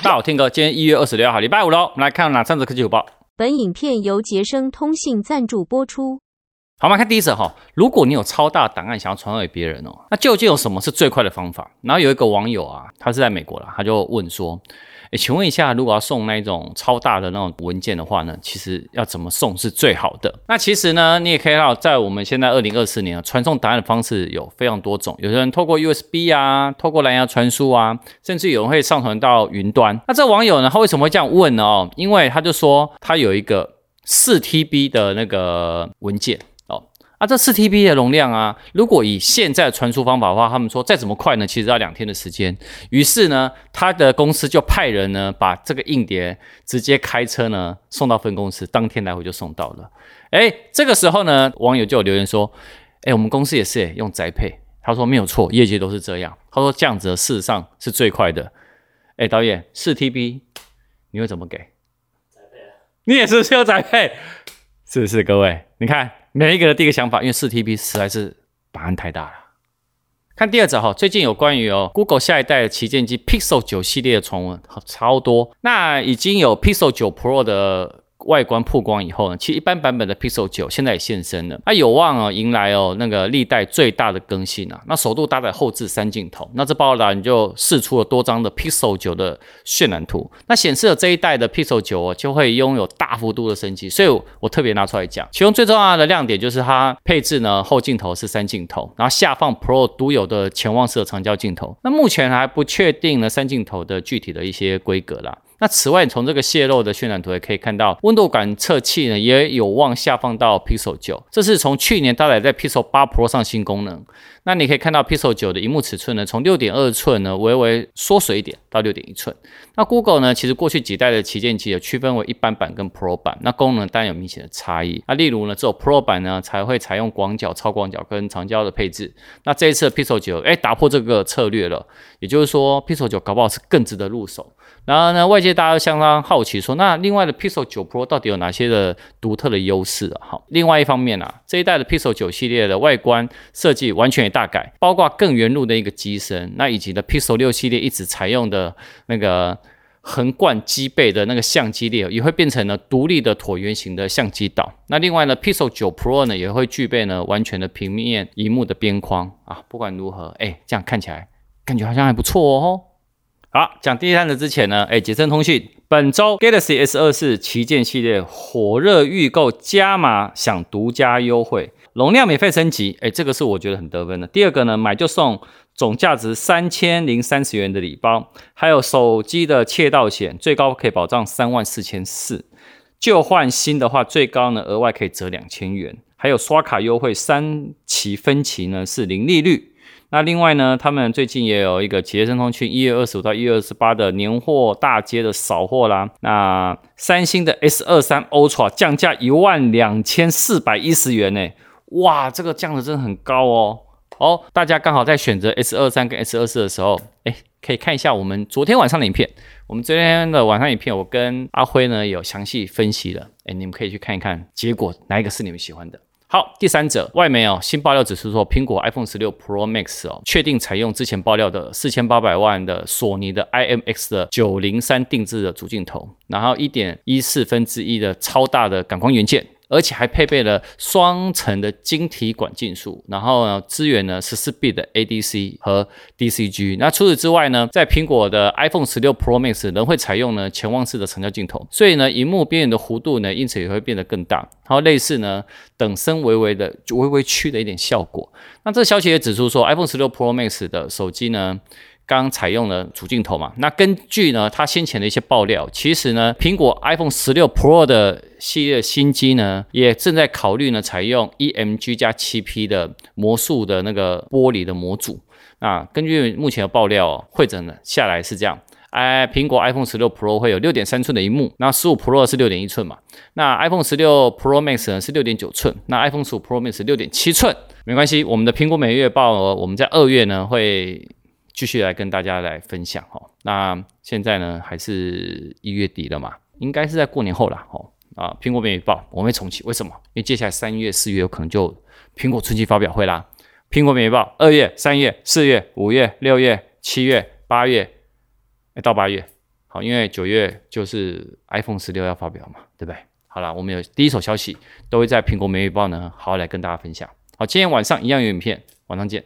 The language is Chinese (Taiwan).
大家好，Tim 哥，今天一月二十六號，禮拜五嘍。我們來看，看哪三則科技午報。本影片由傑生通信贊助播出。好嘛，看第一則哈。如果你有超大檔案想要傳送給別人哦，那究竟有什麼是最快的方法？然後有一個網友啊，他是在美國啦，他就問說：“誒、欸，請問一下，如果要送那種超大的那種文件的話呢，其實要怎麼送是最好的？”那其實呢，你也可以看到，在我們現在二零二四年，啊，傳送檔案的方式有非常多種。有些人透過 USB 啊，透過藍牙傳輸啊，甚至有人會上傳到雲端。那這網友呢，他為什麼會這樣問呢？因為他就說他有一個四 TB 的那個文件。啊，這四 TB 的容量啊，如果以現在的傳輸方法的話，他們說再怎麼快呢，其實要兩天的時間。於是呢，他的公司就派人呢，把這個硬碟直接開車呢送到分公司，當天來回就送到了。誒，這個時候呢，網友就有留言說，誒，我們公司也是用宅配，他說沒有錯，業界都是這樣。他說這樣子的事實上是最快的。誒，導演，四 TB，你會怎麼給？宅配了，你也是需要宅配，是不是？各位，你看。每一個的第一個想法，因為四 T B 實在是檔案太大了。看第二則哈，最近有關於哦，Google 下一代的旗艦機 Pixel 九系列的傳聞，好超多。那已經有 Pixel 九 Pro 的。外觀曝光以後呢，其實一般版本的 Pixel 九現在也現身了，它、啊、有望啊，迎來哦那個歷代最大的更新啊，那首度搭載後置三鏡頭，那這報道、啊、你就釋出了多張的 Pixel 九的渲染圖，那顯示了這一代的 Pixel 九哦、啊、就會擁有大幅度的升級，所以我，我特別拿出來講，其中最重要的亮點就是它配置呢後鏡頭是三鏡頭，然後下放 Pro 獨有的潛望式的長焦鏡頭，那目前還不確定呢三鏡頭的具體的一些規格啦。那此外，你從這個泄露的渲染圖也可以看到，溫度感測器呢也有望下放到 Pixel 九，這是從去年搭載在 Pixel 八 Pro 上新功能。那你可以看到 Pixel 九的熒幕尺寸呢，從六點二寸呢，微微縮水一點到六點一寸。那 Google 呢，其實過去幾代的旗艦機有區分為一般版跟 Pro 版，那功能當然有明顯的差異。那例如呢，只有 Pro 版呢才會採用廣角、超廣角跟長焦的配置。那這一次的 Pixel 九，欸，哎，打破這個策略了，也就是說 Pixel 九搞不好是更值得入手。然後呢，外界大家都相當好奇說，說那另外的 Pixel 9 Pro 到底有哪些的獨特的優勢啊？好，另外一方面啊，這一代的 Pixel 9系列的外觀設計完全也大改，包括更圓潤的一個機身，那以及的 Pixel 6系列一直採用的那個橫貫機背的那個相機列，也會變成呢獨立的橢圓形的相機島。那另外呢，Pixel 9 Pro 呢也會具備呢完全的平面屏幕的邊框啊。不管如何，哎，這樣看起來感覺好像還不錯哦。好，講第三個之前呢，誒，傑昇通訊本周 Galaxy S24 旗艦系列火熱預購，加碼享獨家優惠，容量免費升級。誒，這個是我覺得很得分的。第二個呢，買就送總價值三千零三十元的禮包，還有手機的竊盜險，最高可以保障三萬四千四。舊換新的話，最高呢額外可以折兩千元，還有刷卡優惠，三期分期呢是零利率。那另外呢，他們最近也有一個傑昇通信，一月二十五到一月二十八的年貨大街的掃貨啦。那三星的 S 二三 Ultra 降價一萬兩千四百一十元呢。欸，哇，這個降的真的很高哦！哦，大家剛好在選擇 S 二三跟 S 二四的時候，哎、欸，可以看一下我們昨天晚上的影片。我們昨天的晚上的影片，我跟阿輝呢有詳細分析了。哎、欸，你們可以去看一看，結果哪一個是你們喜歡的？好，第三者，外媒哦，新爆料指出說，蘋果 iPhone 十六 Pro Max 哦，確定採用之前爆料的四千八百萬的索尼的 IMX 的九零三定制的主鏡頭，然後一點一四分之一的超大的感光元件。而且還配備了雙層的晶體管技術，然後呢，支援呢十四 bit 的 ADC 和 DCG。那除此之外呢，在蘋果的 iPhone 十六 Pro Max 仍會採用呢潛望式的長焦鏡頭，所以呢，熒幕邊緣的弧度呢，因此也會變得更大。然後類似呢，等身微微的，微微曲的一點效果。那這消息也指出說，iPhone 十六 Pro Max 的手機呢。剛採用了主鏡頭嘛？那根據呢，它先前的一些爆料，其實呢，蘋果 iPhone 十六 Pro 的系列新機呢，也正在考慮呢，採用 E M G 加七 P 的模組的那個玻璃的模組。那根據目前的爆料，哦，會怎呢？下來是這樣：哎，蘋果 iPhone 十六 Pro 會有六點三寸的螢幕，那十五 Pro 是六點一寸嘛？那 iPhone 十六 Pro Max 呢是六點九寸，那 iPhone 十五 Pro Max 六點七寸。沒關係，我們的蘋果每月報額，我們在二月呢會。繼續來跟大家來分享哦。那現在呢還是一月底了嘛，應該是在過年後了哦。啊。蘋果每日報我們會重啟，為什麼？因為接下來三月、四月有可能就蘋果春季發表會啦。蘋果每日報二月、三月、四月、五月、六月、七月、八月，欸，到八月。好，因為九月就是 iPhone 十六要發表嘛，對不對？好了，我們有第一手消息都會在蘋果每日報呢，好好來跟大家分享。好，今天晚上一樣有影片，晚上見。